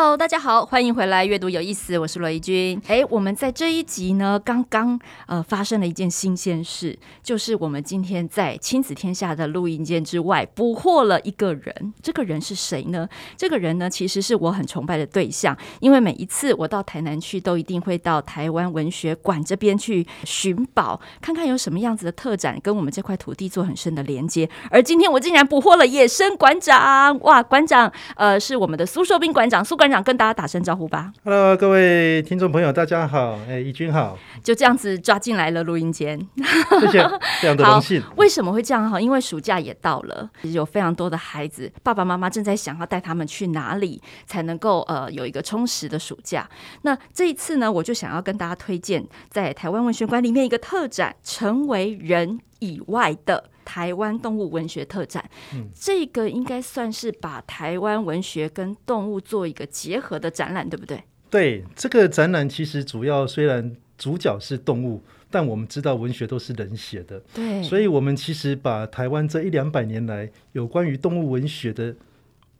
Hello，大家好，歡迎回來閱讀有意思，我是羅怡君。哎、hey，我們在這一集呢，剛剛呃發生了一件新鮮事，就是我們今天在親子天下的錄音間之外捕獲了一個人。這個人是誰呢？這個人呢，其實是我很崇拜的對象，因為每一次我到台南去，都一定會到臺灣文學館這邊去尋寶，看看有什麼樣子的特展跟我們這塊土地做很深的連接。而今天我竟然捕獲了野生館長，哇，館長，呃，是我們的蘇碩斌館長，蘇館。班長跟大家打聲招呼吧。Hello，各位聽眾朋友，大家好。哎，怡君好。就這樣子抓進來了錄音間。謝謝，非常的榮幸。為什麼會這樣？因為暑假也到了，其實有非常多的孩子，爸爸媽媽正在想要帶他們去哪裡才能夠呃有一個充實的暑假。那這一次呢，我就想要跟大家推薦在台灣文學館裡面一個特展——成為人以外的。台灣動物文學特展，嗯，這個應該算是把台灣文學跟動物做一個結合的展覽，對不對？對，這個展覽其實主要雖然主角是動物，但我們知道文學都是人寫的，對，所以我們其實把台灣這一兩百年來有關於動物文學的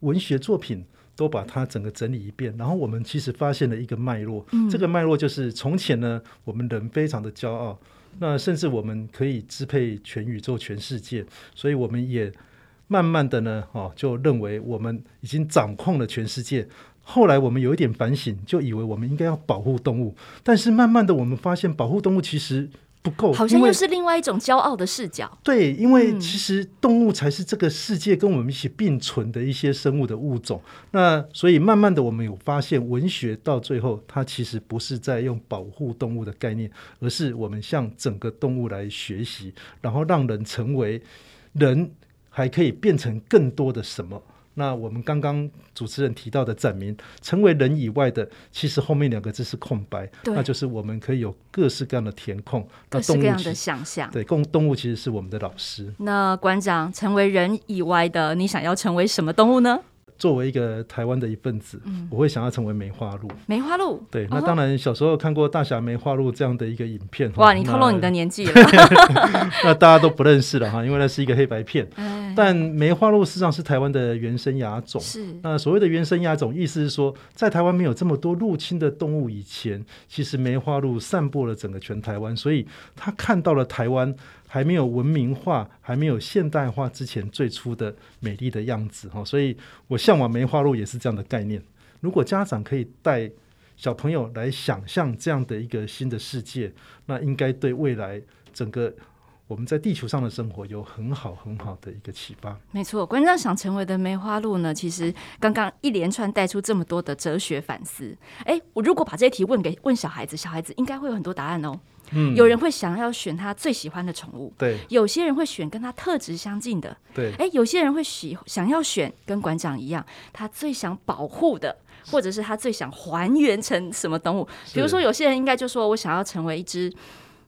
文學作品都把它整個整理一遍，然後我們其實發現了一個脈絡，嗯，這個脈絡就是從前呢，我們人非常的驕傲。那甚至我們可以支配全宇宙，全世界，所以我們也慢慢的呢，哦，就認為我們已經掌控了全世界。後來我們有一點反省，就以為我們應該要保護動物，但是慢慢的我們發現，保護動物其實。好像又是另外一種驕傲的視角。對，因為其實動物才是這個世界跟我們一起並存的一些生物的物種。嗯、那所以慢慢的，我們有發現，文學到最後，它其實不是在用保護動物的概念，而是我們向整個動物來學習，然後讓人成為人，還可以變成更多的什麼。那我們剛剛主持人提到的展名“成為人以外的”，其實後面兩個字是空白，那就是我們可以有各式各樣的填空，各式各樣的想象。對，公動物其實是我們的老師。那館長，成為人以外的，你想要成為什麼動物呢？作為一個台灣的一份子，嗯，我會想要成為梅花鹿。梅花鹿，對。哦、那當然小時候看過《大俠梅花鹿》這樣的一個影片。哇，你透露你的年紀了， 那大家都不認識了哈，因為那是一個黑白片。哎哎哎，但梅花鹿事實上是台灣的原生亞種。是，那所謂的原生亞種，意思是說，在台灣沒有這麼多入侵的動物以前，其實梅花鹿散布了整個全台灣，所以它看到了台灣。還沒有文明化，還沒有現代化之前最初的美麗的樣子哈，所以我嚮往梅花鹿也是這樣的概念。如果家長可以帶小朋友來想象這樣的一個新的世界，那應該對未來整個我們在地球上的生活有很好很好的一個啟發。沒錯，觀眾想成為的梅花鹿呢，其實剛剛一連串帶出這麼多的哲學反思。哎、欸，我如果把這些題問給問小孩子，小孩子應該會有很多答案哦。嗯、有人會想要選他最喜歡的寵物，對，有些人會選跟他特質相近的，對，哎、欸，有些人會喜想要選跟館長一樣，他最想保護的，或者是他最想還原成什麼動物？比如說，有些人應該就說，我想要成為一隻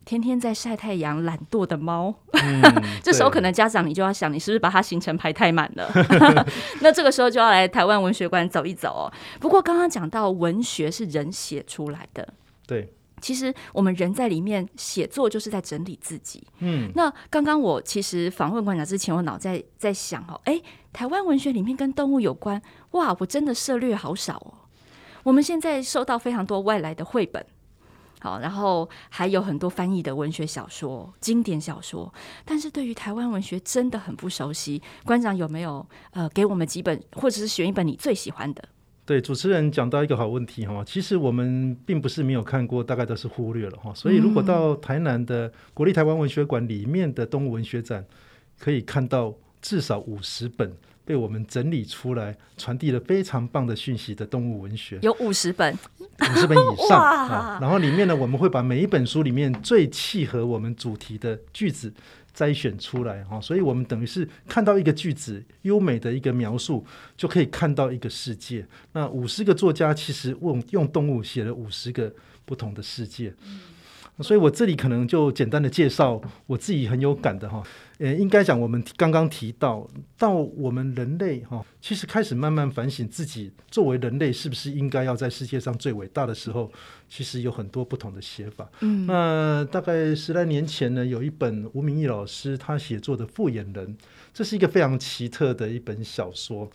天天在曬太陽、懶惰的貓。嗯、 這時候可能家長你就要想，你是不是把它行程排太滿了？ 那這個時候就要來台灣文學館走一走哦。不過剛剛講到文學是人寫出來的，對。其實我們人在裡面寫作，就是在整理自己。嗯，那剛剛我其實訪問館長之前，我腦袋在在想哦，哎，台灣文學裡面跟動物有關，哇，我真的涉獵好少哦。我們現在收到非常多外來的繪本，好、哦，然後還有很多翻譯的文學小說、經典小說，但是對於台灣文學真的很不熟悉。館長有沒有呃給我們幾本，或者是選一本你最喜歡的？對，主持人講到一個好問題哈，其實我們並不是沒有看過，大概都是忽略了哈，所以如果到台南的國立台灣文學館裡面的動物文學展，可以看到至少五十本。被我們整理出來，傳遞了非常棒的訊息的動物文學，有五十本，五 十本以上 啊。然後裡面呢，我們會把每一本書裡面最契合我們主題的句子摘選出來哈、啊。所以我們等於是看到一個句子優美的一個描述，就可以看到一個世界。那五十個作家其實我用，用動物寫了五十個不同的世界、嗯。所以我這裡可能就簡單的介紹我自己很有感的哈。啊呃，應該講，我們剛剛提到，到我們人類哈，其實開始慢慢反省自己，作為人類是不是應該要在世界上最偉大的時候，其實有很多不同的寫法。嗯，那大概十來年前呢，有一本吳明益老師他寫作的《複眼人》，這是一個非常奇特的一本小說。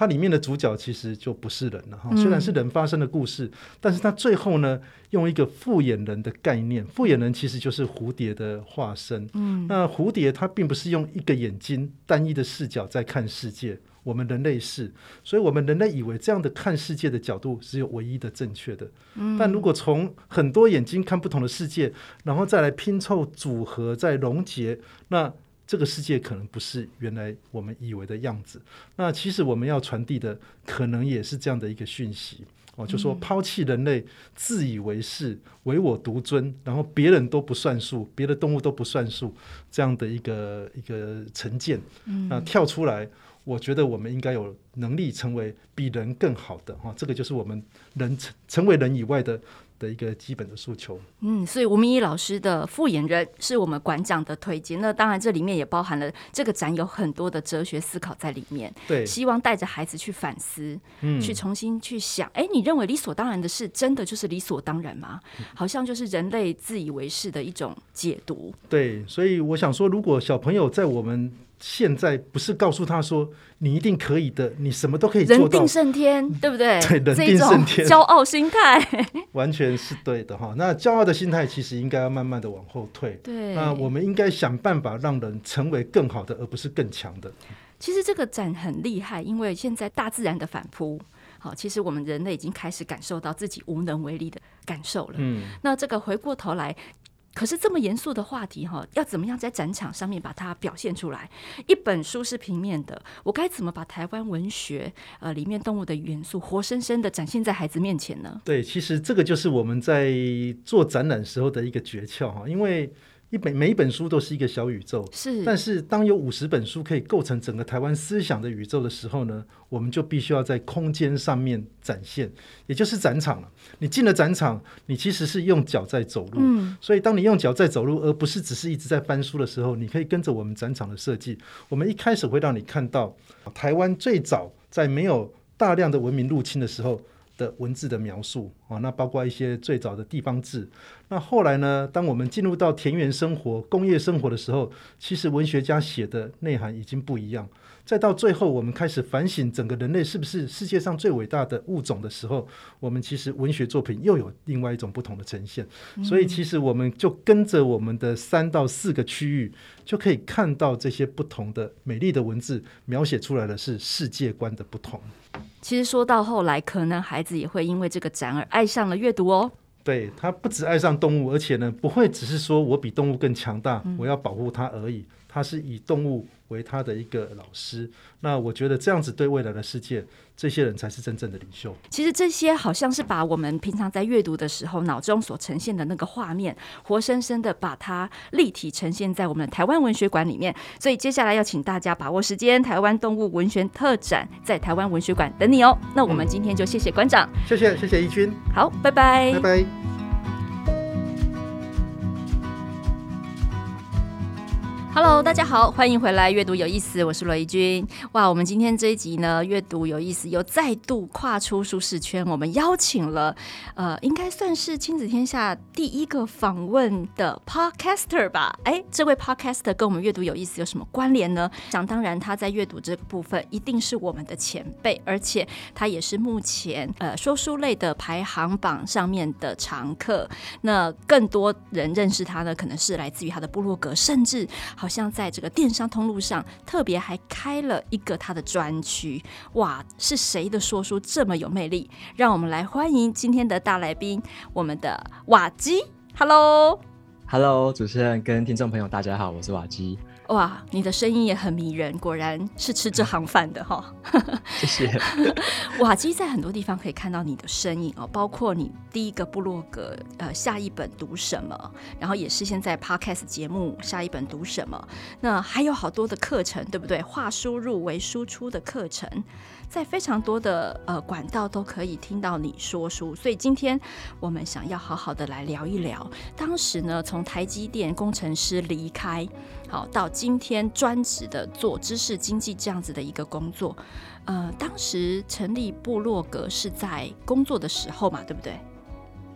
它裡面的主角其實就不是人了哈，雖然是人發生的故事，但是他最後呢，用一個複眼人的概念，複眼人其實就是蝴蝶的化身。嗯，那蝴蝶它並不是用一個眼睛單一的視角在看世界，我們人類是，所以我們人類以為這樣的看世界的角度是有唯一的正確的。但如果從很多眼睛看不同的世界，然後再來拼湊組合、再溶解，那。這個世界可能不是原來我們以為的樣子，那其實我們要傳遞的可能也是這樣的一個訊息哦，就是說拋棄人類自以為是、唯我獨尊，嗯，然後別人都不算數，別的動物都不算數這樣的一個一個成見，嗯，那跳出來，我覺得我們應該有能力成為比人更好的哈，哦，這個就是我們人成成為人以外的。的一個基本的訴求。嗯，所以吳明益老師的複眼人是我們館長的推薦。那當然，這裡面也包含了這個展有很多的哲學思考在裡面。對，希望帶着孩子去反思，嗯，去重新去想。哎、欸，你認為理所當然的事，真的就是理所當然嗎？好像就是人類自以為是的一種解讀。對，所以我想說，如果小朋友在我們現在不是告訴他說你一定可以的，你什麼都可以做到，人定勝天，對不對？對，人定勝天。驕傲心態完全是對的哈。 那驕傲的心態其實應該要慢慢的往後退。對。那我們應該想辦法讓人成為更好的，而不是更強的。其實這個展很厲害，因為現在大自然的反撲，好，其實我們人類已經開始感受到自己無能為力的感受了。嗯。那這個回過頭來。可是這麼嚴肅的話題哈，要怎麼樣在展場上面把它表現出來？一本書是平面的，我該怎麼把台灣文學呃裡面動物的元素活生生的展現在孩子面前呢？對，其實這個就是我們在做展覽時候的一個訣竅哈，因為。一本每一本書都是一個小宇宙，是。但是當有五十本書可以構成整個台灣思想的宇宙的時候呢，我們就必須要在空間上面展現，也就是展場了。你進了展場，你其實是用腳在走路，嗯。所以當你用腳在走路，而不是只是一直在翻書的時候，你可以跟着我們展場的設計。我們一開始會讓你看到台灣最早在沒有大量的文明入侵的時候。的文字的描述啊，那包括一些最早的地方志。那後來呢，當我們進入到田園生活、工業生活的時候，其實文學家寫的內涵已經不一樣。再到最後，我們開始反省整個人類是不是世界上最偉大的物種的時候，我們其實文學作品又有另外一種不同的呈現。所以，其實我們就跟着我們的三到四個區域，就可以看到這些不同的美麗的文字描寫出來的是世界觀的不同。其實說到後來，可能孩子也會因為這個展而愛上了閱讀哦。對他不只愛上動物，而且呢，不會只是說我比動物更強大，我要保護它而已。他是以動物為他的一個老師，那我覺得這樣子對未來的世界，這些人才是真正的領袖。其實這些好像是把我們平常在閱讀的時候腦中所呈現的那個畫面，活生生的把它立體呈現在我們台灣文學館裡面。所以接下來要請大家把握時間，台灣動物文學特展在台灣文學館等你哦、喔。那我們今天就謝謝館長、嗯，謝謝謝謝怡君，好，拜拜，拜拜。Hello，大家好，歡迎回來閱讀有意思，我是羅怡君。哇、wow，我們今天這一集呢，閱讀有意思又再度跨出舒適圈，我們邀請了呃，應該算是親子天下第一個訪問的 Podcaster 吧？哎、欸，這位 Podcaster 跟我們閱讀有意思有什麼關聯呢？想當然，他在閱讀這個部分一定是我們的前輩，而且他也是目前呃說書類的排行榜上面的常客。那更多人認識他呢，可能是來自於他的部落格，甚至。好像在這個電商通路上，特別還開了一個他的專區。哇，是誰的說書這麼有魅力？讓我們來歡迎今天的大來賓，我們的瓦基。Hello，Hello，Hello，主持人跟聽眾朋友，大家好，我是瓦基。哇，你的聲音也很迷人，果然是吃這行飯的哈。謝謝。哇，其實，在很多地方可以看到你的身影哦，包括你第一個部落格，呃，下一本讀什麼，然後也是現在 podcast 節目下一本讀什麼，那還有好多的課程，對不對？化輸入為輸出的課程。在非常多的呃管道，都可以聽到你說書，所以今天我們想要好好的來聊一聊，當時呢，從台積電工程師離開，好、哦、到今天專職的做知識經濟這樣子的一個工作，呃，當時成立部落格是在工作的時候嘛，對不對？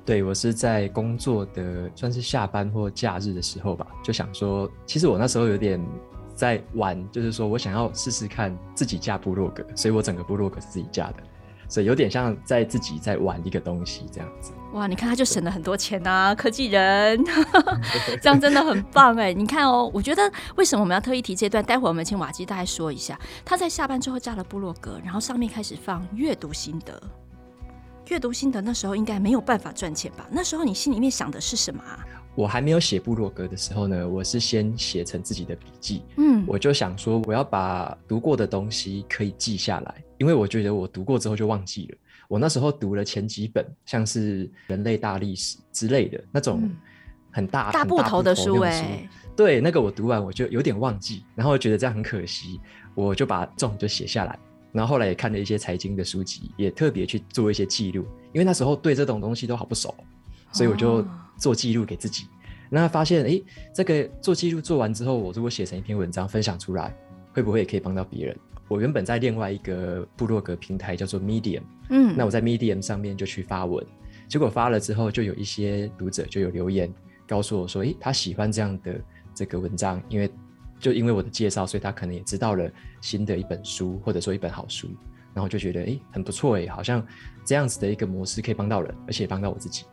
對，我是在工作的算是下班或假日的時候吧，就想說，其實我那時候有點。在玩，就是說我想要試試看自己架部落格，所以我整個部落格是自己架的，所以有點像在自己在玩一個東西這樣子。哇，你看他就省了很多錢啊，科技人， 這樣真的很棒哎！ 你看哦，我覺得為什麼我們要特意提這段？待會我們請瓦基大概說一下，他在下班之後架了部落格，然後上面開始放閱讀心得。閱讀心得那時候應該沒有辦法賺錢吧？那時候你心裡面想的是什麼啊？我還沒有寫部落格的時候呢，我是先寫成自己的筆記。嗯，我就想說，我要把讀過的東西可以記下來，因為我覺得我讀過之後就忘記了。我那時候讀了前幾本，像是《人類大歷史》之類的那種很大、嗯、很大，大部頭的書哎，對，那個我讀完我就有點忘記，然後覺得這樣很可惜，我就把這種就寫下來。然後後來也看了一些財經的書籍，也特別去做一些記錄，因為那時候對這種東西都好不熟，所以我就、哦。做記錄給自己，那他發現誒，這個做記錄做完之後，我如果寫成一篇文章分享出來，會不會也可以幫到別人？我原本在另外一個部落格平台叫做 Medium，嗯，那我在 Medium 上面就去發文，嗯，結果發了之後，就有一些讀者就有留言告訴我說，誒，他喜歡這樣的這個文章，因為就因為我的介紹，所以他可能也知道了新的一本書或者說一本好書，然後就覺得誒，很不錯誒，好像這樣子的一個模式可以幫到人，而且也幫到我自己。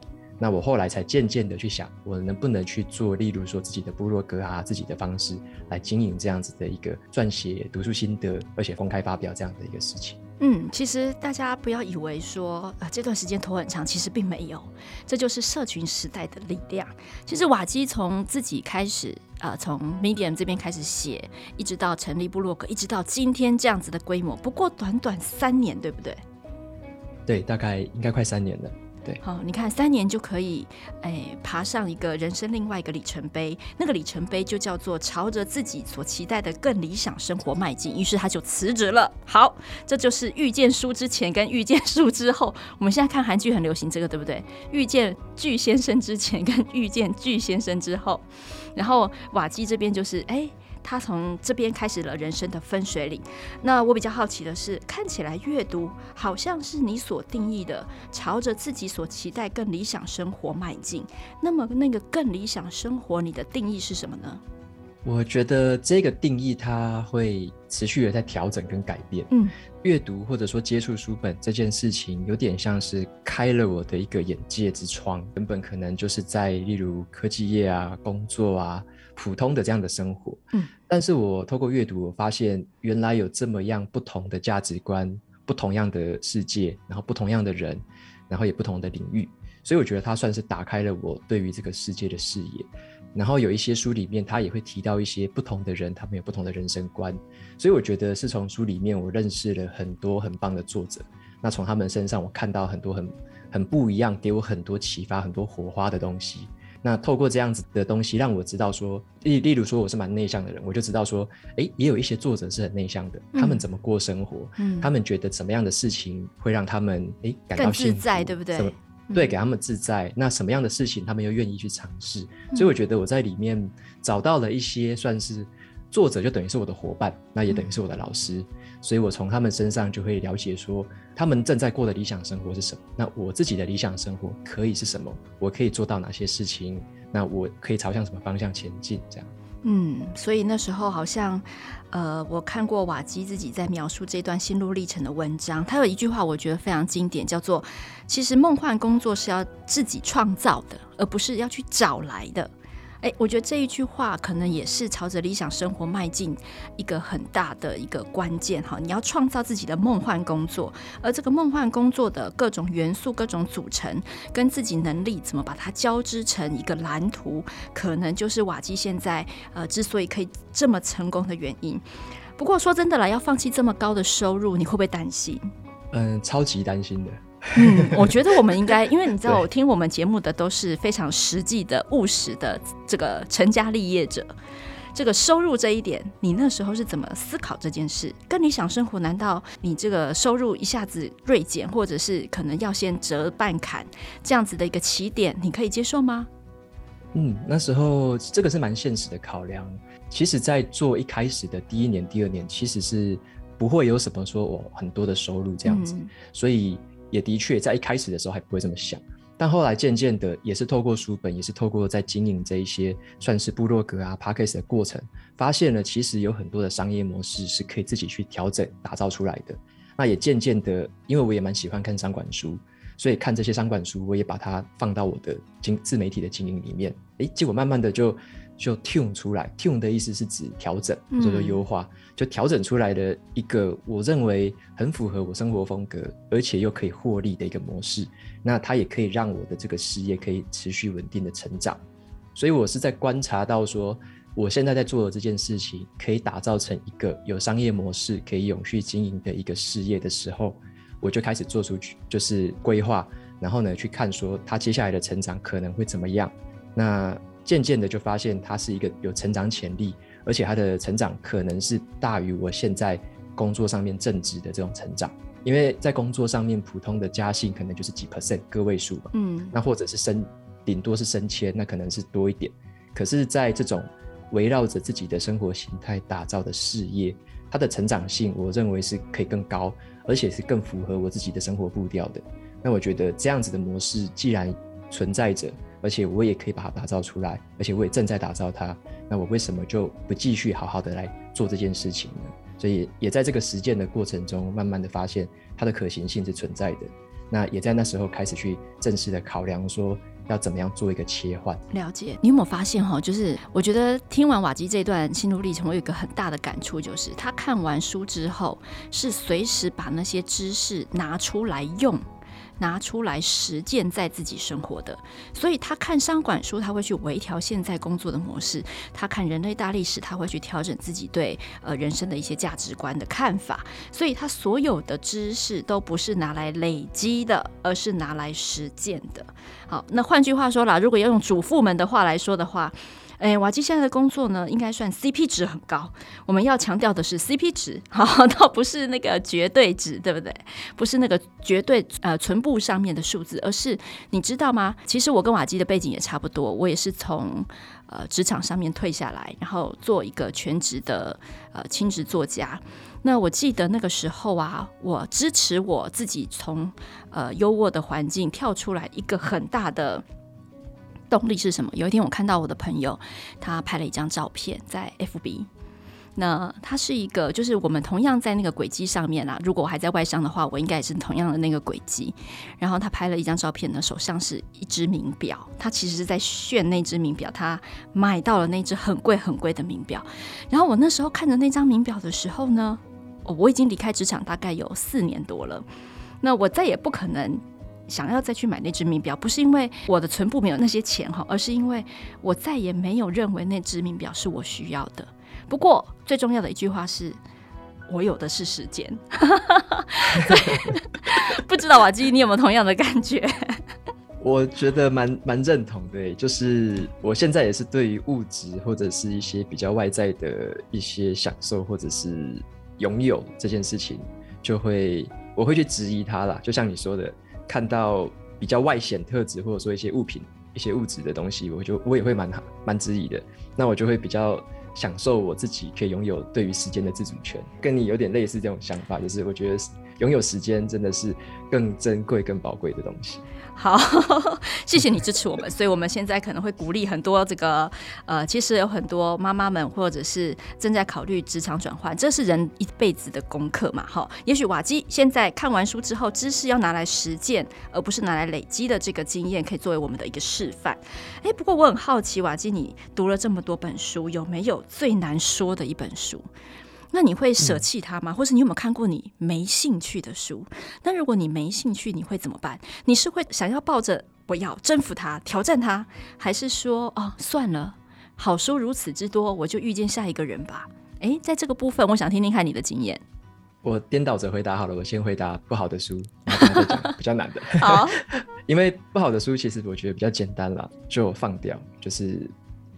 那我後來才漸漸的去想，我能不能去做，例如說自己的部落格啊，自己的方式來經營這樣子的一個撰寫讀書心得，而且公開發表這樣的一個事情。嗯，其實大家不要以為說啊、呃、這段時間拖很長，其實並沒有，這就是社群時代的力量。其實瓦基從自己開始啊、呃，從 Medium 這邊開始寫，一直到成立部落格，一直到今天這樣子的規模，不過短短三年，對不對？對，大概應該快三年了。對。好，你看三年就可以誒、欸，爬上一個人生另外一個里程碑，那個里程碑就叫做朝着自己所期待的更理想生活邁進。於是他就辭職了。好，這就是遇見書之前跟遇見書之後。我們現在看韓劇很流行這個，對不對？遇見巨先生之前跟遇見巨先生之後，然後瓦基這邊就是哎。欸他從這邊開始了人生的分水嶺。那我比較好奇的是，看起來閱讀好像是你所定義的，朝着自己所期待更理想生活邁進。那麼那個更理想生活，你的定義是什麼呢？我覺得這個定義它會持續的在調整跟改變。嗯，閱讀或者說接觸書本這件事情，有點像是開了我的一個眼界之窗。根本可能就是在例如科技業啊、工作啊。普通的這樣的生活，嗯，但是我透過閱讀，我發現原來有這麼樣不同的價值觀，不同樣的世界，然後不同樣的人，然後也不同的領域，所以我覺得它算是打開了我對於這個世界的視野。然後有一些書裡面，他也會提到一些不同的人，他們有不同的人生觀，所以我覺得是從書裡面我認識了很多很棒的作者。那從他們身上，我看到很多很很不一樣，給我很多啟發、很多火花的東西。那透過這樣子的東西，讓我知道說，例例如說，我是蠻內向的人，我就知道說，誒，也有一些作者是很內向的，他們怎麼過生活？嗯，嗯，他們覺得什麼樣的事情會讓他們誒感到幸福自在，對不對麼？對，給他們自在、嗯。那什麼樣的事情他們又願意去嘗試？所以我覺得我在裡面找到了一些算是、嗯、作者，就等於是我的夥伴，那也等於是我的老師。所以我從他們身上就會了解說。他們正在過的理想生活是什麼？那我自己的理想生活可以是什麼？我可以做到哪些事情？那我可以朝向什麼方向前進？這樣。嗯，所以那時候好像，呃，我看過瓦基自己在描述這段心路歷程的文章，他有一句話我覺得非常經典，叫做“其實夢幻工作是要自己創造的，而不是要去找來的。”哎、欸，我覺得這一句話可能也是朝着理想生活邁進一個很大的一個關鍵哈。你要創造自己的夢幻工作，而這個夢幻工作的各種元素、各種組成，跟自己能力怎麼把它交織成一個藍圖，可能就是瓦基現在呃之所以可以這麼成功的原因。不過說真的啦，要放棄這麼高的收入，你會不會擔心？嗯，超級擔心的。 嗯，我覺得我們應該，因為你知道我，聽我們節目的都是非常實際的、務實的這個成家立業者，這個收入這一點，你那時候是怎麼思考這件事？跟你想生活，難道你這個收入一下子銳減，或者是可能要先折半砍這樣子的一個起點，你可以接受嗎？嗯，那時候這個是蠻現實的考量。其實，在做一開始的第一年、第二年，其實是不會有什麼說我很多的收入這樣子，嗯、所以。也的確，在一開始的時候還不會這麼想，但後來漸漸的，也是透過書本，也是透過在經營這一些算是部落格啊、p a r k e 的過程，發現了其實有很多的商業模式是可以自己去調整、打造出來的。那也漸漸的，因為我也蠻喜歡看商管書，所以看這些商管書，我也把它放到我的經自媒體的經營裡面。誒、欸，結果慢慢的就。就 tune 出來 tune 的意思是指調整，叫做優化，就調整出來的一個我認為很符合我生活風格，而且又可以獲利的一個模式，那它也可以讓我的這個事業可以持續穩定的成長，所以我是在觀察到說我現在在做的這件事情可以打造成一個有商業模式可以永續經營的一個事業的時候，我就開始做出就是規劃，然後呢去看說它接下來的成長可能會怎麼樣，那。漸漸的就發現，他是一個有成長潛力，而且他的成長可能是大於我現在工作上面正職的這種成長。因為在工作上面，普通的加薪可能就是幾 percent 個位數吧，嗯，那或者是升，頂多是升遷，那可能是多一點。可是，在這種圍繞着自己的生活形態打造的事業，它的成長性，我認為是可以更高，而且是更符合我自己的生活步調的。那我覺得這樣子的模式既然存在着。而且我也可以把它打造出來，而且我也正在打造它。那我為什麼就不繼續好好的來做這件事情呢？所以也在這個實踐的過程中，慢慢的發現它的可行性是存在的。那也在那時候開始去正式的考量，說要怎麼樣做一個切換。了解，你有沒有發現哈？就是我覺得聽完瓦基這段心路歷程，我有一個很大的感觸，就是他看完書之後，是隨時把那些知識拿出來用。拿出來實踐在自己生活的。所以他看商管書，他會去微調現在工作的模式；他看人類大歷史，他會去調整自己對呃人生的一些價值觀的看法。所以他所有的知識都不是拿來累積的，而是拿來實踐的。好，那換句話說啦，如果要用主婦們的話來說的話。誒，瓦基現在的工作呢，應該算 CP 值很高。我們要強調的是 CP 值，哈，倒不是那個絕對值，對不對？不是那個絕對呃，全部上面的數字，而是你知道嗎？其實我跟瓦基的背景也差不多，我也是從呃職場上面退下來，然後做一個全職的呃親職作家。那我記得那個時候啊，我支持我自己從呃優渥的環境跳出來，一個很大的動力是什麼？有一天我看到我的朋友，他拍了一張照片在 FB。那他是一個，就是我們同樣在那個軌跡上面啊。如果我還在外商的話，我應該也是同樣的那個軌跡。然後他拍了一張照片呢，手上是一隻名表，他其實是在炫那隻名表，他買到了那隻很貴很貴的名表。然後我那時候看着那張名表的時候呢，我已經離開職場大概有四年多了，那我再也不可能。想要再去買那支名表，不是因為我的存簿沒有那些錢哈，而是因為我再也沒有認為那支名表是我需要的。不過最重要的一句話是，我有的是時間。對， 不知道瓦基，你有沒有同樣的感覺？我覺得蠻蠻認同的、欸，就是我現在也是對於物質或者是一些比較外在的一些享受或者是擁有這件事情，就會我會去質疑它啦。就像你說的。看到比較外顯特質，或者說一些物品、一些物質的東西，我就我也會蠻好蠻質疑的。那我就會比較享受我自己可以擁有對於時間的自主權，跟你有點類似這種想法，就是我覺得。擁有時間真的是更珍貴、更寶貴的東西。好呵呵，謝謝你支持我們， 所以我們現在可能會鼓勵很多這個呃，其實有很多媽媽們或者是正在考慮職場轉換，這是人一輩子的功課嘛，哈。也許瓦基現在看完書之後，知識要拿來實踐，而不是拿來累積的這個經驗，可以作為我們的一個示範。誒，不過我很好奇，瓦基，你讀了這麼多本書，有沒有最難說的一本書？那你會捨棄他嗎？嗯、或者你有沒有看過你沒興趣的書？那如果你沒興趣，你會怎麼辦？你是會想要抱着我要征服他、挑戰他，還是說哦算了，好書如此之多，我就遇見下一個人吧？哎，在這個部分，我想聽聽看你的經驗。我顛倒着回答好了，我先回答不好的書， 比較難的。好， 因為不好的書其實我覺得比較簡單啦，就放掉，就是。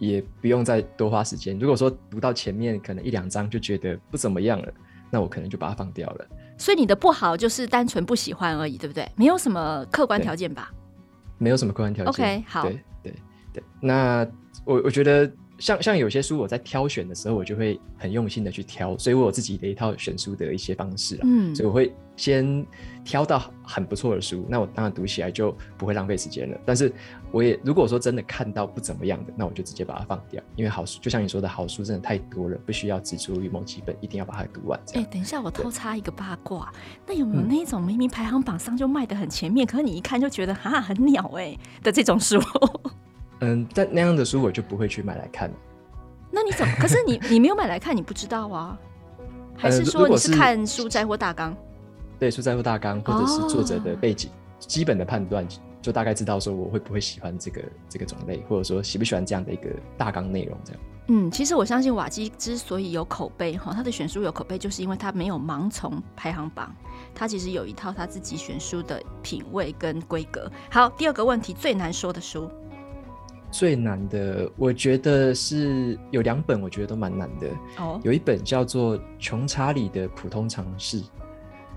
也不用再多花時間。如果說讀到前面可能一兩章就覺得不怎麼樣了，那我可能就把它放掉了。所以你的不好就是單純不喜歡而已，對不對？沒有什麼客觀條件吧？對，沒有什麼客觀條件。OK，好，對對對。那我我覺得。像像有些書，我在挑選的時候，我就會很用心的去挑，所以我有自己的一套選書的一些方式啊。嗯，所以我會先挑到很不錯的書，那我當然讀起來就不會浪費時間了。但是，我也如果說真的看到不怎麼樣的，那我就直接把它放掉，因為好書就像你說的好書真的太多了，不需要執著於某幾本，一定要把它讀完。這樣。誒、欸，等一下，我偷插一個八卦，那有沒有那種明明排行榜上就賣得很前面、嗯，可是你一看就覺得哈很鳥誒、欸、的這種書？嗯，但那樣的書我就不會去買來看了。那你怎麼？可是你你沒有買來看，你不知道啊？ 還是說你是看書摘或大綱，嗯？對，書摘或大綱，或者是作者的背景，oh. 基本的判斷就大概知道說我會不會喜歡這個這個種類，或者說喜不喜歡這樣的一個大綱內容這樣。嗯，其實我相信瓦基之所以有口碑哈、哦，他的選書有口碑，就是因為他沒有盲從排行榜，他其實有一套他自己選書的品味跟規格。好，第二個問題最難說的書。最難的，我覺得是有兩本，我覺得都蠻難的。哦、oh.，有一本叫做《窮查理的普通常識》。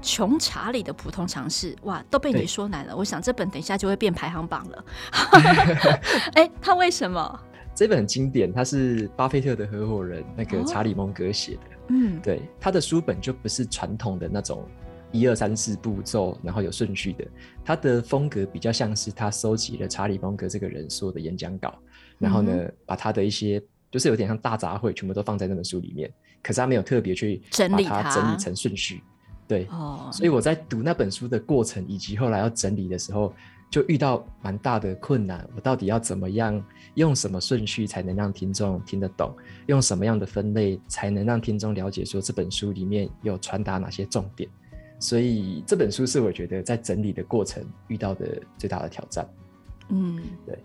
窮查理的普通常識，哇，都被你說難了。我想這本等一下就會變排行榜了。哎、 欸，他為什麼？這本很經典，他是巴菲特的合夥人那個查理蒙格寫的。嗯、oh.，對，他的書本就不是傳統的那種。一二三四步驟，然後有順序的，他的風格比較像是他收集了查理·芒格這個人說的演講稿，然後呢，嗯、把他的一些就是有點像大雜燴，全部都放在那本書裡面。可是他沒有特別去把他整理它，整理成順序。對、哦，所以我在讀那本書的過程，以及後來要整理的時候，就遇到蠻大的困難。我到底要怎麼樣用什麼順序才能讓聽眾聽得懂？用什麼樣的分類才能讓聽眾了解說這本書裡面有傳達哪些重點？所以這本書是我覺得在整理的過程遇到的最大的挑戰。嗯，對。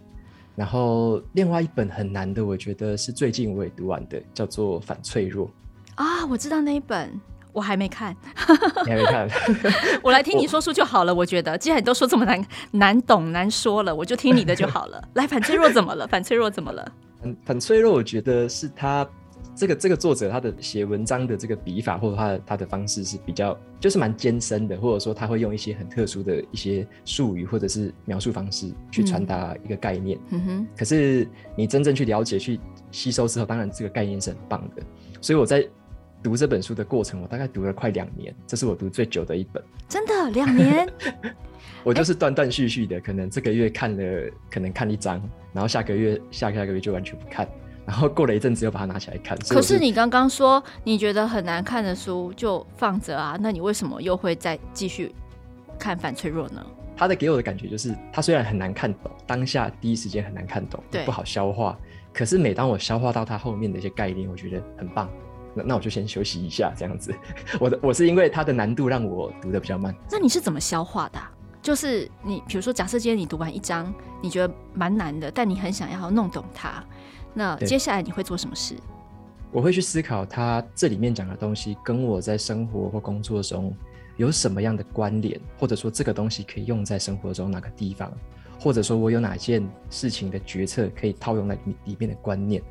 然後另外一本很難的，我覺得是最近我也讀完的，叫做《反脆弱》。啊、哦，我知道那一本，我還沒看。 你還沒看？ 我來聽你說書就好了。我，我覺得既然你都說這麼難難懂難說了，我就聽你的就好了。 來，《反脆弱》怎麼了？《反脆弱》怎麼了？嗯，《反脆弱》，我覺得是他。這個這個作者他的寫文章的這個筆法，或者他的他的方式是比較就是蠻艱深的，或者說他會用一些很特殊的一些術語，或者是描述方式去傳達一個概念嗯。嗯哼。可是你真正去了解、去吸收之後，當然這個概念是很棒的。所以我在讀這本書的過程，我大概讀了快兩年，這是我讀最久的一本。真的兩年？ 我就是斷斷續續，續的、哎，可能這個月看了，可能看一章，然後下個月、下個下個月就完全不看。然後過了一陣子，又把它拿起來看。是，可是你剛剛說，你覺得很難看的書就放着啊？那你為什麼又會再繼續看《反脆弱》呢？他的給我的感覺就是，他雖然很難看懂，當下第一時間很難看懂，對，也不好消化。可是每當我消化到他後面的一些概念，我覺得很棒。那那我就先休息一下，這樣子。 我我是因為它的難度讓我讀得比較慢。那你是怎麼消化的啊？就是你比如說，假設今天你讀完一章，你覺得蠻難的，但你很想要弄懂它。那接下來你會做什麼事？我會去思考他這裡面講的東西跟我在生活或工作中有什麼樣的關聯，或者說這個東西可以用在生活中哪個地方，或者說我有哪件事情的決策可以套用在裡面的觀念。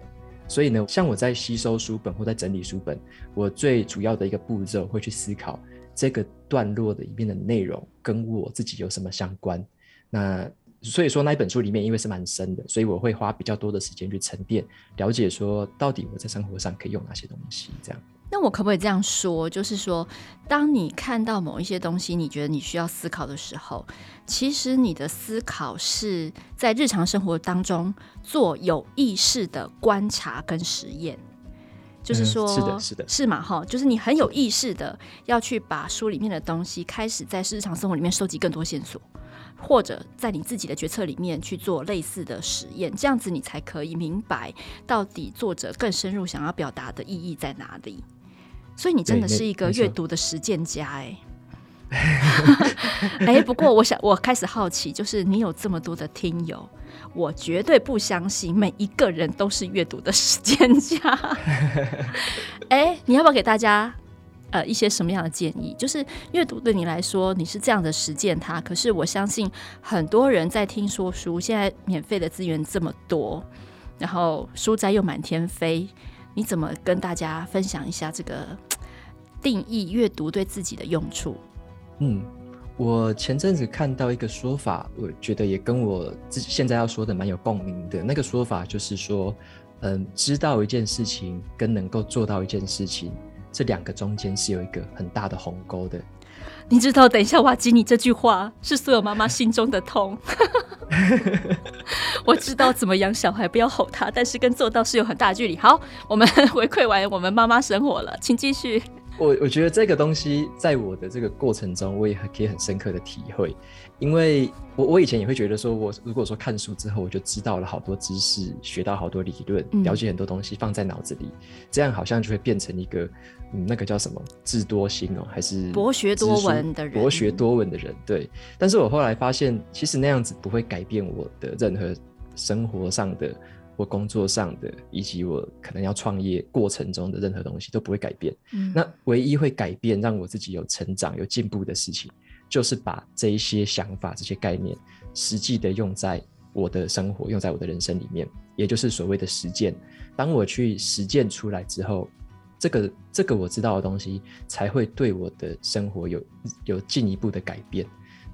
所以呢，像我在吸收書本或在整理書本，我最主要的一個步驟會去思考這個段落裡面的內容跟我自己有什麼相關。那。所以說那一本書裡面，因為是蠻深的，所以我會花比較多的時間去沉澱，了解說到底我在生活上可以用哪些東西。這樣，那我可不可以這樣說？就是說，當你看到某一些東西，你覺得你需要思考的時候，其實你的思考是在日常生活當中做有意識的觀察跟實驗。就是說，嗯，是的，是的，是嘛？哈，就是你很有意識的要去把書裡面的東西開始在日常生活裡面收集更多線索。或者在你自己的決策裡面去做類似的實驗，這樣子你才可以明白到底作者更深入想要表達的意義在哪裡。所以你真的是一個閱讀的實踐家誒、欸。誒、 欸，不過我想，我開始好奇，就是你有這麼多的聽友，我絕對不相信每一個人都是閱讀的實踐家。誒、 欸，你要不要給大家？呃，一些什麼樣的建議？就是閱讀對你來說，你是這樣的實踐它。可是我相信很多人在聽說書，現在免費的資源這麼多，然後書摘又滿天飛，你怎麼跟大家分享一下這個定義閱讀對自己的用處？嗯，我前陣子看到一個說法，我覺得也跟我自己現在要說的蠻有共鳴的。那個說法就是說，嗯、呃，知道一件事情，跟能夠做到一件事情，這兩個中間是有一個很大的鴻溝的。你知道，等一下瓦基，你這句話是所有媽媽心中的痛。 我知道怎麼養小孩，不要吼他，但是跟做到是有很大距離。好，我們回饋完我們媽媽生活了，請繼續。我我覺得這個東西在我的這個過程中，我也可以很深刻的體會，因為我我以前也會覺得說我，我如果說看書之後，我就知道了好多知識，學到好多理論，嗯、了解很多東西，放在腦子裡，這樣好像就會變成一個。嗯，那個叫什麼智多星哦，還是博學多聞的人？博學多聞的人，對。但是我後來發現，其實那樣子不會改變我的任何生活上的，我工作上的，以及我可能要創業過程中的任何東西都不會改變。嗯，那唯一會改變讓我自己有成長、有進步的事情，就是把這一些想法、這些概念，實際的用在我的生活、用在我的人生裡面，也就是所謂的實踐。當我去實踐出來之後。這個這個我知道的東西，才會對我的生活有有進一步的改變，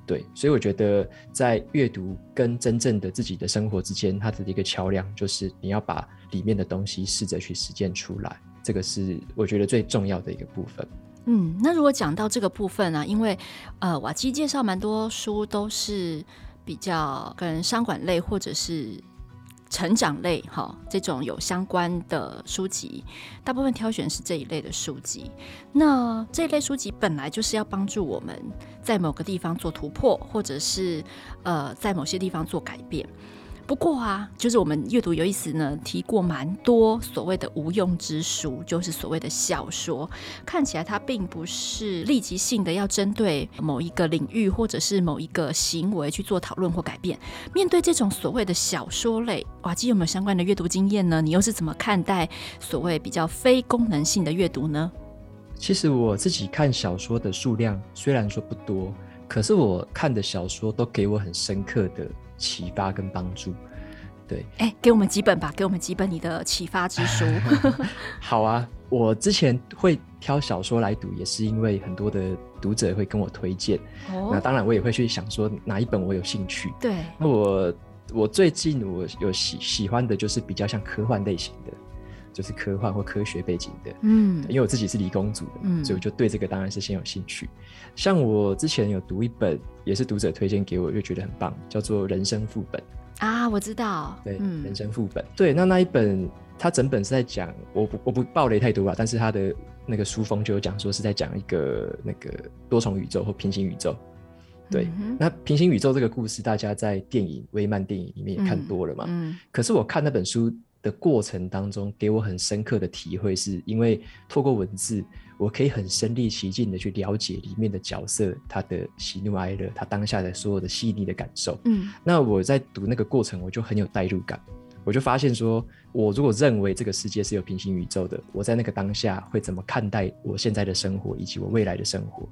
對，所以我覺得在閱讀跟真正的自己的生活之間，它的一個橋樑就是你要把裡面的東西試着去實踐出來，這個是我覺得最重要的一個部分。嗯，那如果講到這個部分呢、啊，因為呃，瓦基介紹蠻多書都是比較跟商管類或者是。成長類哈，這種有相關的書籍，大部分挑選是這一類的書籍。那這一類書籍本來就是要幫助我們在某個地方做突破，或者是呃在某些地方做改變。不過啊，就是我們閱讀有意思呢，提過蠻多所謂的無用之書，就是所謂的小說，看起來它並不是立即性的要針對某一個領域或者是某一個行為去做討論或改變。面對這種所謂的小說類，瓦基有沒有相關的閱讀經驗呢？你又是怎麼看待所謂比較非功能性的閱讀呢？其實我自己看小說的數量雖然說不多，可是我看的小說都給我很深刻的。啟發跟幫助，對，哎、欸，給我們幾本吧，給我們幾本你的啟發之書。 好啊，我之前會挑小說來讀，也是因為很多的讀者會跟我推薦，哦。那當然，我也會去想說哪一本我有興趣。對，那我我最近我有喜喜歡的就是比較像科幻類型的。就是科幻或科學背景的，嗯，因為我自己是理工組的嘛，嗯，所以我就對這個當然是先有興趣。像我之前有讀一本，也是讀者推薦給我，就覺得很棒，叫做《人生副本》啊，我知道，對、嗯，《人生副本》對。那那一本，他整本是在講，我不我不爆雷太多吧，但是他的那個書封就有講說是在講一個那個多重宇宙或平行宇宙。對，嗯、那平行宇宙這個故事，大家在電影、漫威電影裡面也看多了嘛。嗯，嗯可是我看那本書，的過程當中，給我很深刻的體會是，是因為透過文字，我可以很身臨其境的去了解裡面的角色，他的喜怒哀樂，他當下的所有的細膩的感受。嗯，那我在讀那個過程，我就很有代入感，我就發現說，我如果認為這個世界是有平行宇宙的，我在那個當下會怎麼看待我現在的生活，以及我未來的生活。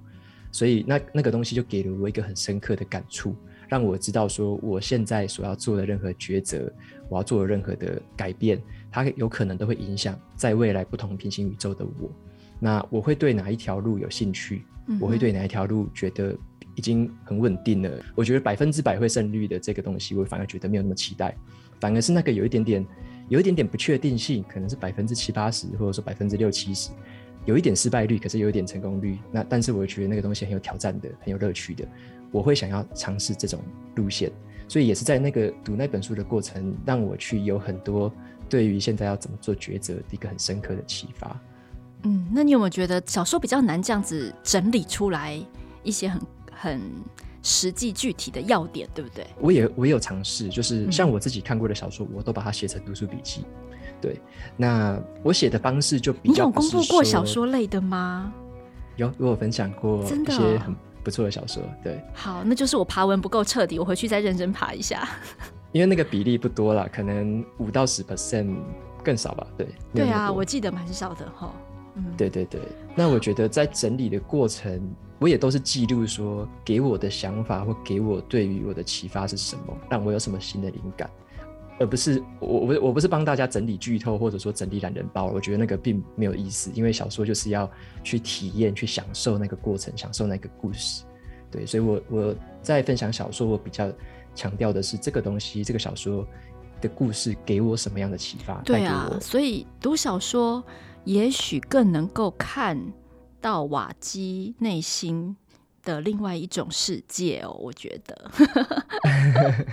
所以那，那那個東西就給了我一個很深刻的感觸。但我知道，說我現在所要做的任何抉擇，我要做的任何的改變，它有可能都會影響在未來不同平行宇宙的我。那我會對哪一條路有興趣、嗯？我會對哪一條路覺得已經很穩定了？我覺得百分之百會勝率的這個東西，我反而覺得沒有那麼期待。反而是那個有一點點、有一點點不確定性，可能是百分之七八十，或者說百分之六七十，有一點失敗率，可是有一點成功率。那但是我覺得那個東西很有挑戰的，很有樂趣的。我會想要嘗試這種路線，所以也是在那個讀那本書的過程，讓我去有很多對於現在要怎麼做抉擇的一個很深刻的啟發。嗯，那你有沒有覺得小說比較難這樣子整理出來一些很很實際具體的要點，對不對？我也我也有嘗試，就是像我自己看過的小說，嗯，我都把它寫成讀書筆記。對，那我寫的方式就比較你有公布過小說類的嗎？有，我有我分享過一些很。不錯的小說，對。好，那就是我爬文不夠徹底，我回去再認真爬一下。因為那個比例不多了，可能五到十 percent 更少吧，對。對啊，我記得蠻少的哈，哦，對對對，那我覺得在整理的過程，我也都是記錄說給我的想法或給我對於我的啟發是什麼，讓我有什麼新的靈感。而不是我，我不我不是幫大家整理劇透，或者說整理懶人包。我覺得那個並沒有意思，因為小說就是要去體驗、去享受那個過程，享受那個故事。對，所以我我在分享小說，我比較強調的是這個東西，這個小說的故事給我什麼樣的啟發？對啊，所以讀小說也許更能夠看到瓦基內心的另外一種世界哦，我覺得。誒、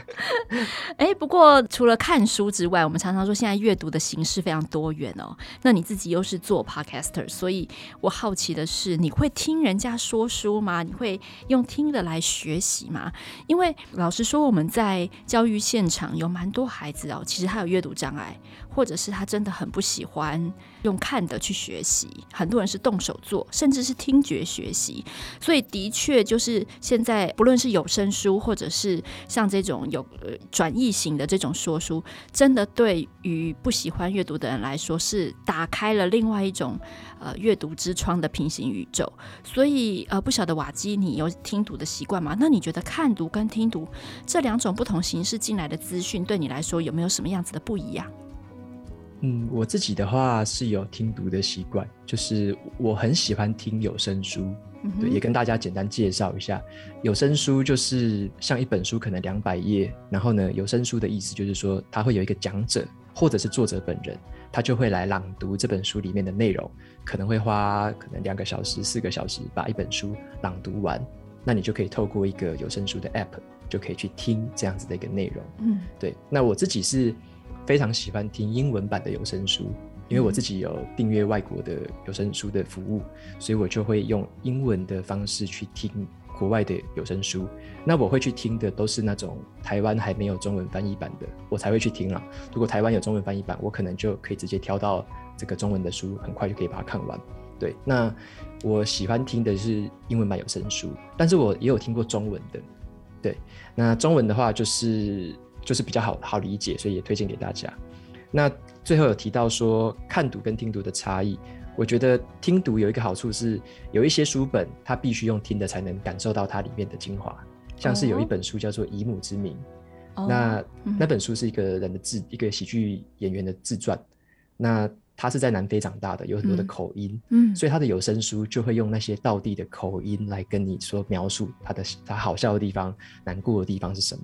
欸。不過除了看書之外，我們常常說現在閱讀的形式非常多元哦。那你自己又是做 podcaster，所以我好奇的是，你會聽人家說書嗎？你會用聽的來學習嗎？因為老實說，我們在教育現場有蠻多孩子哦，其實他有閱讀障礙。或者是他真的很不喜歡用看的去學習，很多人是動手做，甚至是聽覺學習，所以的確就是現在不論是有聲書，或者是像這種有，呃，轉譯型的這種說書，真的對於不喜歡閱讀的人來說，是打開了另外一種呃閱讀之窗的平行宇宙。所以呃，不曉得瓦基，你有聽讀的習慣嗎？那你覺得看讀跟聽讀這兩種不同形式進來的資訊，對你來說有沒有什麼樣子的不一樣？嗯，我自己的話是有聽讀的習慣，就是我很喜歡聽有聲書。嗯、對，也跟大家簡單介紹一下，有聲書就是像一本書可能兩百頁，然後呢，有聲書的意思就是說，它會有一個講者或者是作者本人，他就會來朗讀這本書裡面的內容，可能會花可能兩個小時、四個小時把一本書朗讀完，那你就可以透過一個有聲書的 App 就可以去聽這樣子的一個內容。嗯，對，那我自己是。非常喜歡聽英文版的有聲書，因為我自己有訂閱外國的有聲書的服務，所以我就會用英文的方式去聽國外的有聲書。那我會去聽的都是那種台灣還沒有中文翻譯版的，我才會去聽啦。如果台灣有中文翻譯版，我可能就可以直接挑到這個中文的書，很快就可以把它看完。對，那我喜歡聽的是英文版有聲書，但是我也有聽過中文的。對，那中文的話就是。就是比較好好理解，所以也推薦給大家。那最後有提到說看讀跟聽讀的差異，我覺得聽讀有一個好處是，有一些書本它必須用聽的才能感受到它裡面的精華。像是有一本書叫做《以母之名》，oh. 那那本書是一個人的自一個喜劇演員的自傳，oh. 那他是在南非長大的，有很多的口音，嗯、oh.，所以他的有聲書就會用那些道地的口音來跟你說描述他的他好笑的地方、難過的地方是什麼。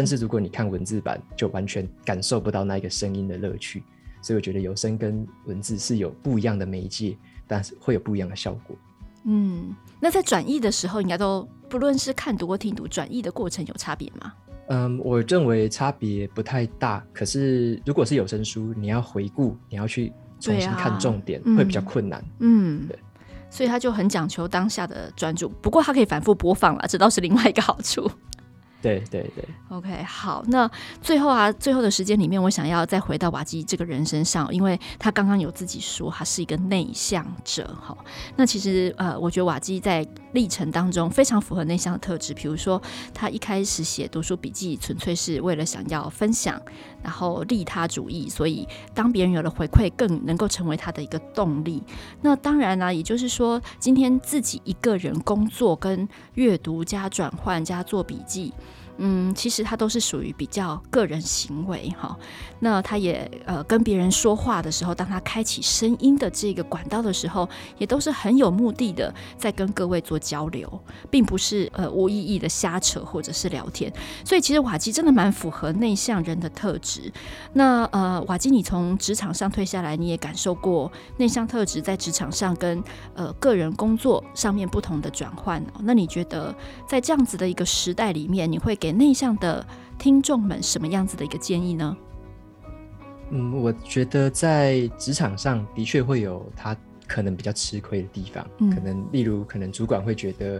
但是如果你看文字版，就完全感受不到那個聲音的樂趣。所以我覺得有聲跟文字是有不一樣的媒介，但是會有不一樣的效果。嗯，那在轉譯的時候，應該都不論是看讀或聽讀，轉譯的過程有差別嗎？嗯，我認為差別不太大。可是如果是有聲書，你要回顧，你要去重新看重點，啊嗯、會比較困難。嗯，對，所以他就很講求當下的專注。不過他可以反覆播放了，這倒是另外一個好處。對對對，OK，好，那最後啊，最後的時間裡面，我想要再回到瓦基這個人身上，因為他剛剛有自己說他是一個內向者，哈，那其實呃，我覺得瓦基在歷程當中非常符合內向的特質，比如說他一開始寫讀書筆記，純粹是為了想要分享，然後利他主義，所以當別人有了回饋，更能夠成為他的一個動力。那當然啦、啊，也就是說，今天自己一個人工作跟閱讀加轉換加做筆記。嗯，其實他都是屬於比較個人行為哈。那他也呃跟別人說話的時候，當他開啟聲音的這個管道的時候，也都是很有目的的在跟各位做交流，並不是呃無意義的瞎扯或者是聊天。所以其實瓦基真的蠻符合內向人的特質。那呃，瓦基，你從職場上退下來，你也感受過內向特質在職場上跟呃個人工作上面不同的轉換。那你覺得在這樣子的一個時代裡面，你會給內向的聽眾們，什麼樣子的一個建議呢？嗯，我覺得在職場上的確會有他可能比較吃虧的地方，嗯、可能例如可能主管會覺得，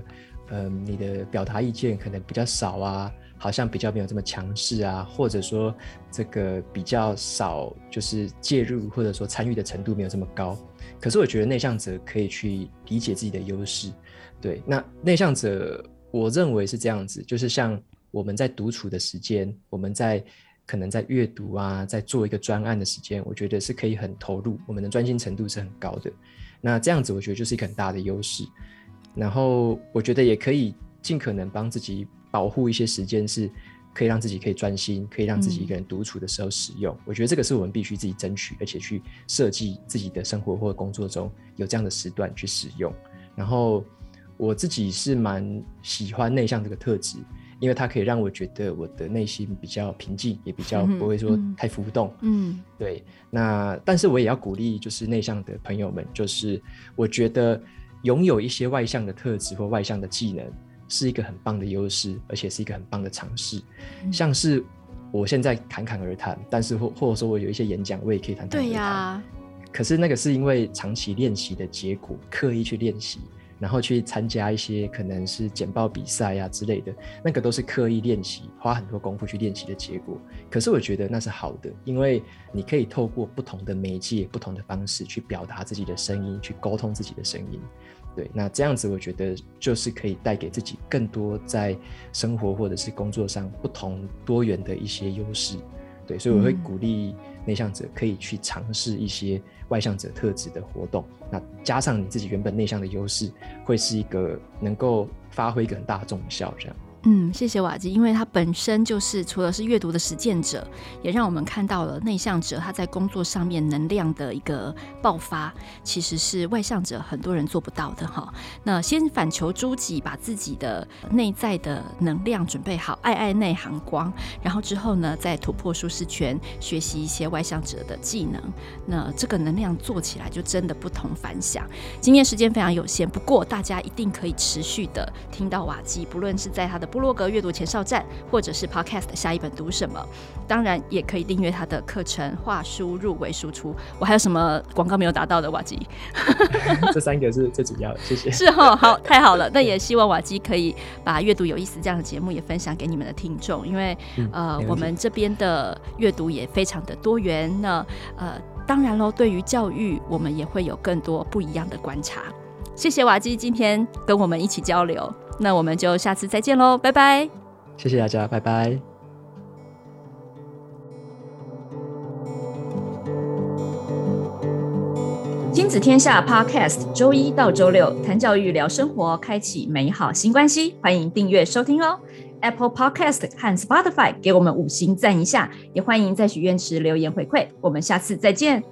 嗯、呃，你的表達意見可能比較少啊，好像比較沒有這麼強勢啊，或者說這個比較少就是介入或者說參與的程度沒有這麼高。可是我覺得內向者可以去理解自己的優勢。對，那內向者，我認為是這樣子，就是像。我們在獨處的時間，我們在可能在閱讀啊，在做一個專案的時間，我覺得是可以很投入，我們的專心程度是很高的。那這樣子，我覺得就是一個很大的優勢。然後，我覺得也可以盡可能幫自己保護一些時間，是可以讓自己可以專心，可以讓自己一個人獨處的時候使用。嗯。我覺得這個是我們必須自己爭取，而且去設計自己的生活或工作中有這樣的時段去使用。然後，我自己是蠻喜歡內向這個特質。因為它可以讓我覺得我的內心比較平靜，也比較不會說太浮動。嗯，嗯對。那但是我也要鼓勵，就是內向的朋友們，就是我覺得擁有一些外向的特質或外向的技能，是一個很棒的優勢，而且是一個很棒的嘗試。嗯，像是我現在侃侃而談，但是或或者說我有一些演講，我也可以侃侃而談。對呀，啊。可是那個是因為長期練習的結果，刻意去練習。然後去參加一些可能是簡報比賽呀、啊、之類的，那個都是刻意練習、花很多功夫去練習的結果。可是我覺得那是好的，因為你可以透過不同的媒介、不同的方式去表達自己的聲音，去溝通自己的聲音。對，那這樣子我覺得就是可以帶給自己更多在生活或者是工作上不同多元的一些優勢。對，所以我會鼓勵內向者可以去嘗試一些，外向者特質的活動，那加上你自己原本內向的優勢，會是一個能夠發揮一個很大的功效，這樣。嗯，謝謝瓦基，因為他本身就是除了是閱讀的實踐者，也讓我們看到了內向者他在工作上面能量的一個爆發，其實是外向者很多人做不到的哈。那先反求諸己，把自己的內在的能量準備好，曖曖內含光，然後之後呢，再突破舒適圈，學習一些外向者的技能，那這個能量做起來就真的不同凡響。今天時間非常有限，不過大家一定可以持續的聽到瓦基，不論是在他的。部落格閱讀前哨站，或者是 Podcast 下一本讀什麼？當然也可以訂閱他的課程《化輸入為輸出》。我還有什麼廣告沒有達到的？瓦基， 這三個是最主要的。謝謝。是哦，好，太好了。 那也希望瓦基可以把《閱讀有意思》這樣的節目也分享給你們的聽眾，因為、嗯、呃，我們這邊的閱讀也非常的多元。那呃，當然嘍，對於教育，我們也會有更多不一樣的觀察。謝謝瓦基今天跟我們一起交流，那我們就下次再見嘍，拜拜！謝謝大家，拜拜！親子天下 Podcast 週一到週六談教育、聊生活，開啟美好新關係，歡迎訂閱收聽哦。Apple Podcast 和 Spotify 給我們五星讚一下，也歡迎在許願池留言回饋。我們下次再見。